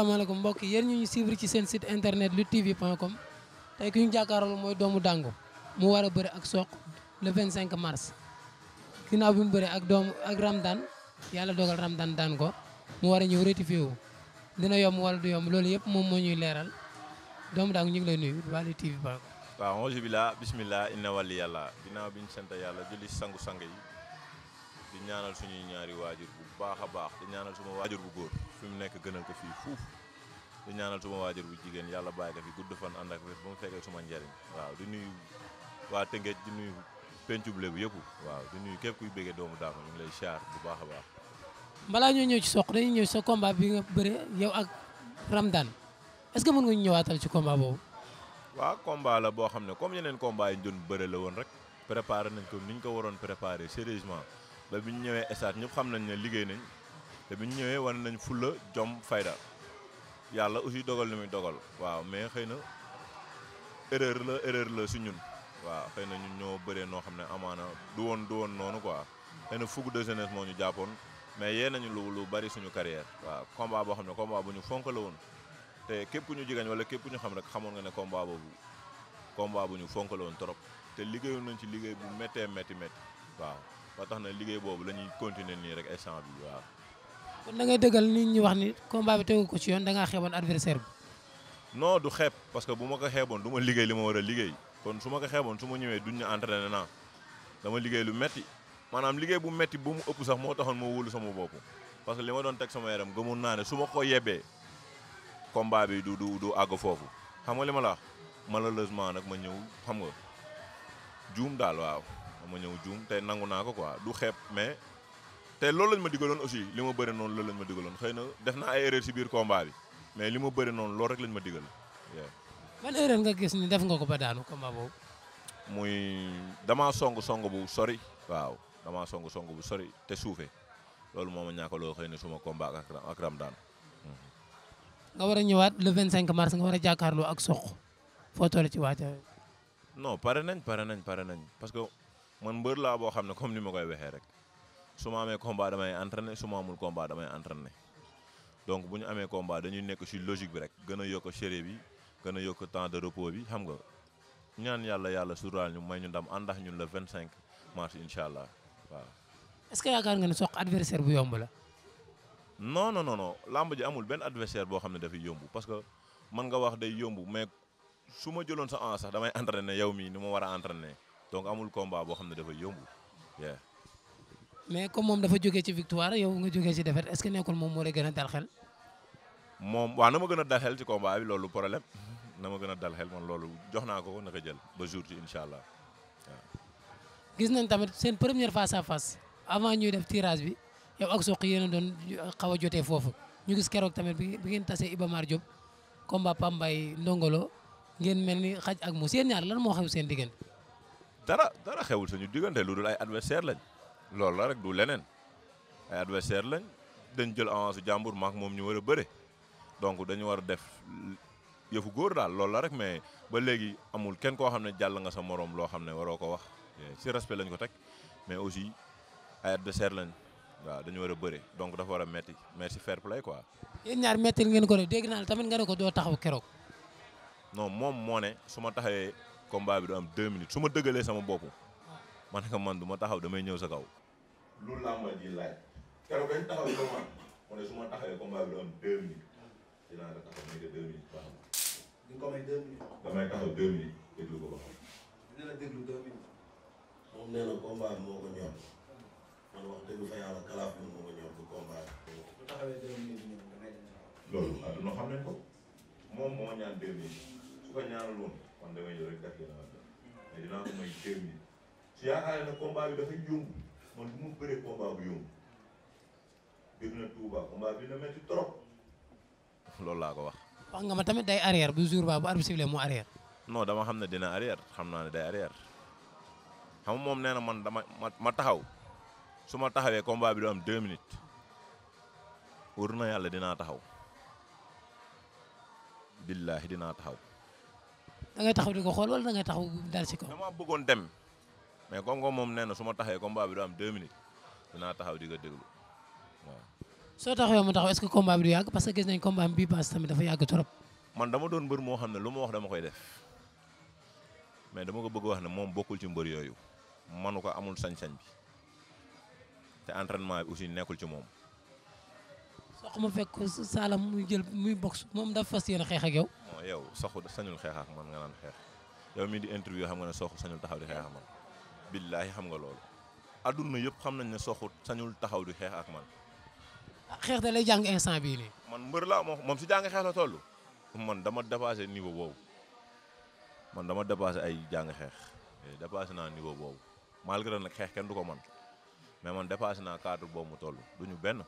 asalaamaaleykum mbokk yéen ñu ñu suivre ci seen site internet luttetv.com tey ki ñu jàkkaarloo mooy doomu Dangu mu war a bëre ak Sokh le 25 mars. ginnaaw bi mu bëre ak doomu ak Ramdan yàlla dogal Ramdan daan ko mu war a ñëw rectifié wu dina yomb wala du yomb loolu yëpp moom moo ñuy leeral doomu Dangu ñu ngi lay nuyu waa luttetv.com. waaw auzu billah bismillah inna wali yàlla ginnaaw bi ñu sant yàlla julli sangu-sang yi di ñaanal suñuy ñaari waajur bu baax a baax di waajur bu góor. fi mu nekk gënal ko fii fuuf di ñaanal suma waajur bu jigéen yàlla bàyyi ko fi gudd fan ànd ak wér ba mu fekkee suma njariñ waaw di nuyu waa Tëngéej di nuyu pencub Lebu yëpp waaw di nuyu képp kuy bëggee doomu daama ñu ngi lay siyaar bu baax a baax. balaa ñoo ñëw ci soq dañu ñëw sa combat bi nga bëre yow ak Ramdan est-ce que mën nga ñu ñëwaatal ci combat boobu. waa combat la boo xam ne comme yeneen combat yi ñu doon bëre la woon rek préparé nañ ko ni ñu ko waroon préparé sérieusement ba ñu ñëwee stade ñëpp xam nañ liggéey nañ te bi ñu ñëwee wane nañu fulla jom fayda yàlla aussi dogal li muy dogal waaw mais xëy na erreur la erreur la si ñun waaw xëy na ñun ñoo bëree noo xam ne amaana du woon du woon noonu quoi xëy na fougue de jeunesse moo ñu jàppoon mais yee nañu lu lu bari suñu carrière waaw combat boo xam ne combat bu ñu fonk woon te képp ku ñu jigéen wala képp ñu xam rek xamoon nga ne combat boobu combat bu ñu fonk la woon trop te liggéeyoon nañ ci liggéey bu méttee métti métti waaw ba tax na liggéey boobu la continuer nii rek instant bi waaw kon da ngay dëggal nit ñi wax ni combat bi tegu ko ci yoon da ngaa xeeboon adversaire bi. non du xeeb parce que bu ma ko xeeboon du ma liggéey li ma war a liggéey kon su ma ko xeeboon su ma ñëwee duñ ñu entraîné naa dama liggéey lu metti maanaam liggéey bu metti bu mu ëpp sax moo taxoon moo wóolu sama bopp parce que li ma doon teg sama yaram gëmoon naa ne su ma ko yebbee combat bi du du du àgg foofu xam nga li ma la wax malheureusement nag ma ñëw xam nga juum daal waaw ma ñëw juum nangu naa ko quoi du xeeb mais. te loolu lañ ma digaloon aussi li ma bëri noonu loolu ma digaloon xëy na def naa ay erreur ci biir combat bi mais li ma bëri noonu loolu rek lañ ma digal. ban erreur nga gis ni def nga ko ba daanu combat boobu. muy damaa song song bu sori. waaw damaa song song bu sori te suufe loolu moom ma ñàkkaloo xëy na suma combat ak ak Ramdan. Mm-hmm. nga war a ñëwaat le 25 mars nga war a jàkkaarloo ak Sokh foo toll ci waajal. non pare nañ pare nañ pare nañ parce que man mbër laa boo xam ne comme ni ma koy waxee rek. su ma amee combat damay entraîné su ma amul combat damay entraîné donc bu ñu amee combat dañuy nekk ci logique bi rek gën a yokk sérieux bi gën a yokk temps de repos bi xam nga ñaan yàlla yàlla suturaal ñu may ñu ndam àndax ñun vingt cinq mars incha allah waaw. est que yaakaar nga ne Sokh adversaire bu yomb la. noonu non làmb ji amul benn adversaire boo xam ne dafay yomb parce que man nga wax day yomb mais su ma jëloon sa an sax damay entraîné yow mii ni ma war a entraîné donc amul combat boo xam ne dafay yomb mais comme moom dafa jógee ci victoire yow nga jógee ci défaite est-ce que nekkul moom moo lay gën a dal moom waa na ma gën a dal xel ci combat bi loolu problème na ma gën a dal xel man loolu jox naa ko naka jël ba jour ci incha allah waaw. gis nañ tamit seen première face à face avant ñuy def tirage bi yow ak Sokh yéen a doon xaw a jotee foofu ñu gis keroog tamit bi ngeen tasee Iba Mar Diop combat Pambay Ndongolo ngeen mel ni xaj ak mu seen ñaar lan moo xew seen diggante. dara dara xewul suñu diggante lu dul ay adversaire lañ. loolu la rek du leneen ay adversaire lañ dañ jël avance jàmbur maak moom ñu war a bëre donc dañu war a def yëfu góor daal loolu la rek mais ba léegi amul kenn koo xam ne jàll nga sa moroom loo xam ne waroo ko wax ci respect lañ ko teg mais aussi ay adversaire lañ waaw dañu war a bëre donc dafa war a metti merci fair play quoi. yéen ñaar metti ngeen ko de dégg naa tamit nga ne ko doo taxaw keroog. non moom moo ne su ma taxawee combat bi du am deux minutes su ma dëggalee sama bopp ma ne ko man du ma taxaw damay ñëw sa kaw. lu làmba ji laaj keroog dañ taxawee combat mu ne su ma taxawee combat bi du am deux minutes dinaa la taxaw may de deux minutes ba xam. ko may deux minutes. damay taxaw deux minutes déglu ko ba xam. dina la déglu deux minutes. moom nee na combat bi moo ko ñor man wax dëgg fa yàlla kalaaf bi moo ko ñor du combat bi. bu taxawee deux minutes ñoom damay dem. loolu adduna xam nañ ko moom moo ñaan deux minutes su ko ñaanal woon man damay yor rek daf yéen a mais dinaa ko may deux minutes su yaakaaree ne combat bi dafay yómb. man bu mu bëree loolu laa ko wax. wax nga ma tamit day arrière bu jour ba bu arbitre sifflé mu arrière. non dama xam ne dina arrière xam naa ne day arrière xam moom nee na man dama ma taxaw su ma taxawee combat bi du am deux minutes wër na yàlla dinaa taxaw. billaahi dinaa taxaw. da taxaw di ko xool wala da taxaw daal ci kaw. dama bëggoon dem. mais comme comme moom nee na su ma taxee combat bi du am deux minutes dinaa taxaw di nga déglu waaw. soo taxawee mu taxaw est-ce que combat bi du yàgg parce que gis nañ combat bi pass tamit dafa yàgg trop. man dama doon mbër moo xam ne lu ma wax dama koy def mais dama ko bëgg wax ne moom bokkul ci mbër yooyu manu ko amul sañ-sañ bi te entraînement bi aussi nekkul ci moom. sox ma fekk Salam muy jël muy box moom dafa fas yéene xeex ak yow. non yow soxu sañul xeex ak man nga naan xeex yow mii di interview xam nga ne soxu sañul taxaw di xeex billaahi xam nga loolu adduna yëpp xam nañ ne soxut sañul taxaw di xeex ak man. Ah, xeex da lay jàng instant bii nii. man mbër laa moom moom si jàng xeex la toll. man dama dépassé niveau boobu man dama dépassé ay jàng xeex eh, dépassé naa niveau boobu malgré nag xeex kenn du ko man mais man dépassé naa cadre boobu mu du ñu benn.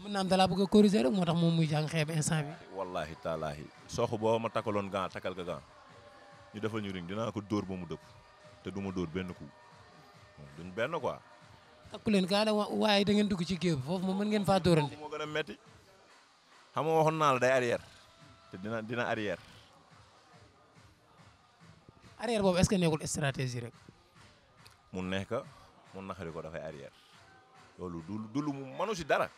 mën naa am dalaa bëgg a corriger rek moo tax moom muy jàng xeex bi instant bi wallahi taalaahi soxu boo ma takkaloon gan takkal ka gan ñu defal ñu ring dinaa ko dóor ba mu dëpp. te du ma dóor benn ku duñ benn quoi. takku leen kaa waaye da ngeen dugg ci géew foofu moom mën ngeen faa dóorante. moo gën a metti xam waxoon naa la day arrière te dina dina arrière. arrière boobu est-ce que nekkul stratégie rek. mu nekk mu naxari ko dafay arrière loolu du du lu mu mënu dara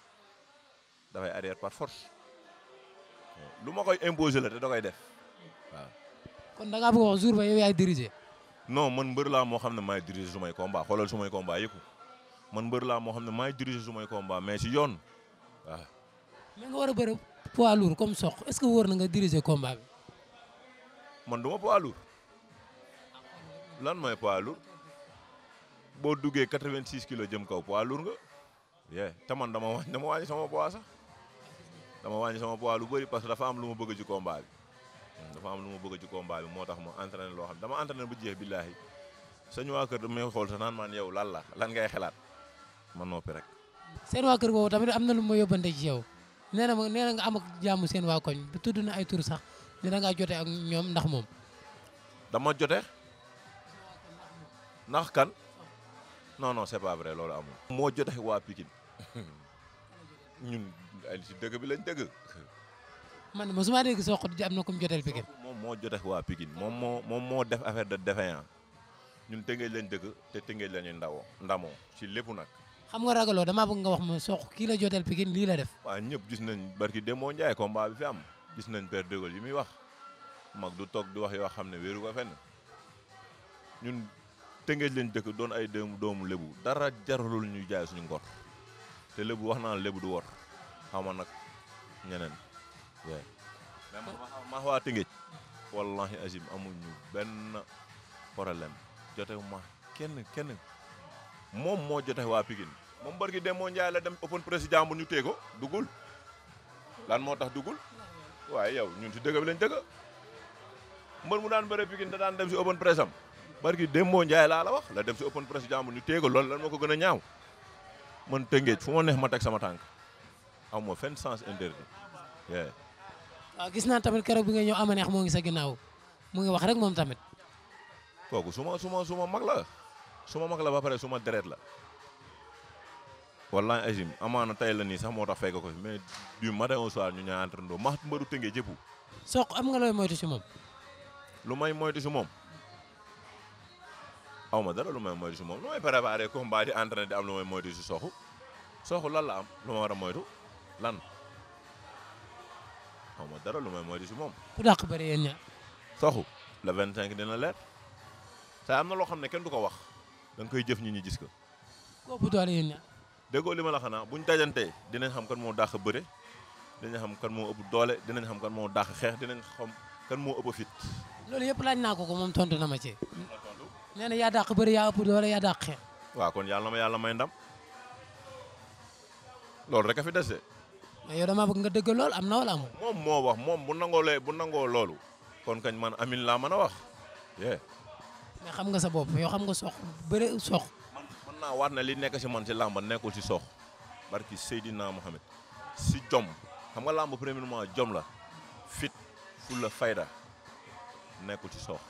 dafay arrière par force lu ma koy imposer la te da def kon da ngaa wax jour ba yow yaay diriger. non man mbër laa moo xam ne maay diriger su may combat xoolal su may man mbër laa moo xam ne maay diriger su may combat mais si yoon waaw. mais nga war a bëri poids lourd comme soq est ce que wóor na nga diriger combat bi. man du ma lan mooy poids boo duggee 86 kilos jëm kaw poids nga. yeah te man dama wàññi dama wàññi sama poids sax dama wàññi sama poids lu bëri parce que dafa am lu ma bëgg ci combat bi. dafa am lu ma bëgg ci combat bi moo tax ma entraîné loo xam dama entraîné bu jeex billaahi sañu waa kër damay xool sax naan maan yow lan la lan ngay xalaat ma noppi rek. seen waa kër boobu tamit am na lu ma yóbbante ci yow nee ma nee na nga am ak jàmm seen waa koñ bi tudd na ay tur sax dina ngaa jote ak ñoom ndax moom. dama jote ndax kan non non loolu amul. moo jote waa ay ci dëgg bi lañ dëgg. man mosuma dégg Sokh di am na ku mu joteel Pikine. moom moo joteeku waa Pikine moom moo moom moo def affaire de défaillant ñun tëngeej lañ dëkk te tëngeej lañuy ndaw ndamoo ci lépp nag. xam nga ragaloo damaa bëgg nga wax ma Sokh kii la joteel Pikine lii la def. waa ñëpp gis nañ barki Demba Ndiaye combat bi fi am gis nañ Père Dégol yi muy wax mag du toog di wax yoo xam ne wéeru ko fenn ñun tëngeej lañ dëkk doon ay doomu lébu dara jaralul ñu jaay suñu ngor te lébu wax naa lébu du wor xam nga nag ñeneen. mais maa waa Tëngéej wallahi azim amuñu benn problème jote ma kenn kenn moom moo jote waa Pikine moom barki dem moo njaay la dem open press jàmbur ñu téye ko duggul lan moo tax dugul waaye yow ñun si dëgg bi lañ dëgg mbër mu daan bëre Pikine da daan dem si open press am barki dem moo njaay laa la wax la dem si open press jàmbur ñu téye ko loolu lan moo ko gën a ñaaw man Tëngéej fu ma neex ma teg sama tànk aw ma fenn sens interdit waa ah, gis naa tamit keroog bi nga ñëw ama neex moo ngi sa ginnaaw mu ngi wax rek moom tamit. kooku su ma su ma su ma mag la suma mag la ba pare suma ma la. wallaay agim amaana tey la nii sax moo tax fekk ko mais du matin au soir ñu ñaa entraînement max mbaru tëngee jëpp. soq am nga looy moytu si moom. lu may moytu si moom. aw ma dara lu may moytu si moom lu may préparé combat di entraîné di am lu may moytu si soxu soxu lan la am lu ma war a moytu xaw ma dara lu may moytu si moom. ku dàq bëri yéen ñaar. soxu le 25 dina leer te am na loo xam ne kenn du ko wax da koy jëf ñi ñu gis ko. kooku doole yéen ñaar. déggoo li ma la xanaa buñ dajantee dinañ xam kan moo dàq bëre dinañ xam kan moo ëpp doole dinañ xam kan moo dàq xeex dinañ xam kan moo ëpp fit. loolu yëpp laaj naa ko ko moom tontu na ma ci. nee na yaa dàq bëre yaa ëpp doole yaa dàq xeex. waaw kon yàlla ma yàlla may ndam loolu rek a fi dese. mais yow damaa bëgg nga dëgg lool am na wala amul. moom moo wax moom bu nangoo bu nangoo loolu kon kañ man amin laa mën a wax. mais xam nga sa bopp yow xam nga sox bëre sox. man mën naa waat ne li nekk si man si làmba nekkul si sox barki Seydina Mohamed si jom xam nga làmb premièrement jom la fit ful la fayda nekkul si sox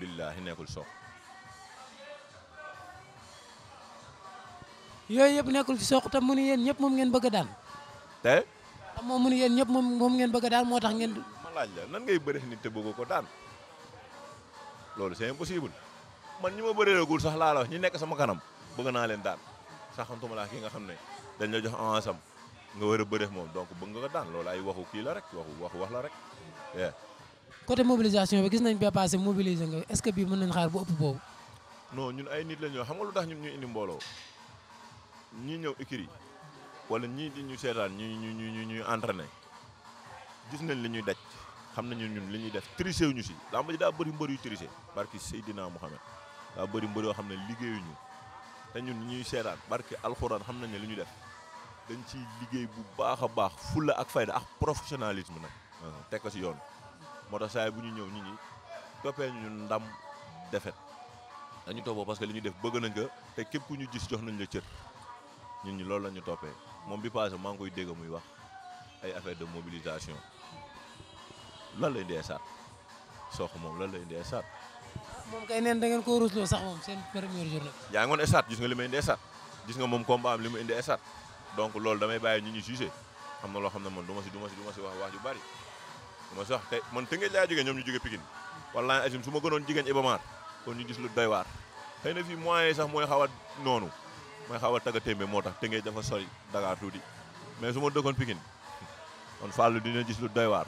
billaahi nekkul sox. yooyu yëpp nekkul ci sox tam mu ne yéen ñëpp moom ngeen bëgg a daan. te. moom mu ne yéen ñëpp moom moom ngeen bëgg daal moo tax ngeen. ma laaj la nan ngay bëree nit te bëgg ko daan loolu c'est impossible man ñi ma bëreelagul sax laa la wax ñi nekk sama kanam bëgg naa leen daan saxantuma laa ki nga xam ne dañ la jox avance am nga war a bëreef moom donc bëgg nga ko daan loolu ay waxu kii la rek waxu waxu wax la rek. côté mobilisation bi gis nañ ba passé mobiliser nga est-ce que bii mën nañ xaar bu ëpp boobu. non ñun ay nit la ñoo xam nga lu tax ñu indi mbooloo ñi ñëw écurie wala ñii di ñu seetaan ñu ñu ñu ñuy entraîné gis nañ li ñuy daj xam nañu ñun li ñuy def triché wuñu si lamb ji daa bëri mbër yu triché barki Seydina Mohamed daa bëri mbër yoo xam ne liggéeyuñu te ñun ñuy seetaan barki alxuraan xam nañ ne li ñu def dañ ci liggéey bu baax a baax fulla ak fayda ak professionnalisme nag. teg si yoon moo tax saa bu ñu ñëw ñi ñi toppee ñu ndam defet dañu toppoo parce que li ñu def bëgg nañ ko te képp ku ñu gis jox nañ la cër ñun ñi loolu la ñu toppee. moom bi passé maa ngi koy dégga muy wax ay affaire de mobilisation lan lay dee saat sox moom lan lay dee saat. moom kay neen da ngeen ko rusloo sax moom seen première journée. yaa ngi woon esat gis nga li may indi esat gis nga moom combat am li mu indi esat donc loolu damay bàyyi ñu ñu jugé am na loo xam ne man du si du ma si du ma si wax wax ju bari du ma si wax tey man tënkee laa jógee ñoom ñu jógee Pikine wallaahi azim su ma gënoon jigéen Ibamar kon ñu gis lu doy waar xëy na fii moyens yi sax mooy xaw a noonu may xaw a tagga témbe moo tax Tëngéej dafa sori Dakar tuuti mais su ma dëkkoon Pikine kon Fallou dina gis lu doy waar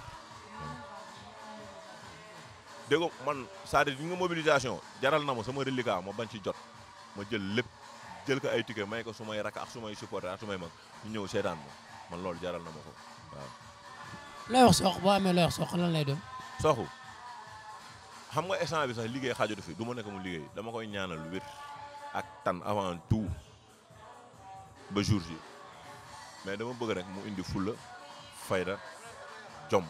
déggo man c'est-à-dire nga mobilisation jaral na ma sama reliquat ma bañ ci jot ma jël lépp jël ko ay ticket may ko su may rakk ak su may supporter ak su may mag ñu ñëw seetaan ma man loolu jaral na ma ko waaw looy wax sox boo amee looy wax sox lan lay doon soxu xam nga instant bi sax liggéey xaajatu fi du ma nekk mu liggéey dama koy ñaanal wér ak tan avant ba jour ji mais dama bëgg rek mu indi fulla fayda jom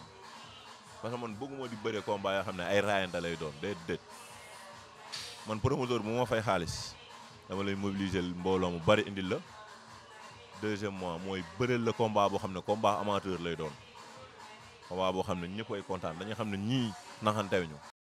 parce que man bëgguma di bëre combat yoo xam ne ay raayante lay doon day déet man promoteur bu ma fay xaalis dama lay mobiliser mbooloo mu bari indil la deuxième mois mooy bëreel la combat boo xam ne komba amateur lay doon combat boo xam ne ñëpp ay kontaan dañu xam ne ñii naxantewuñu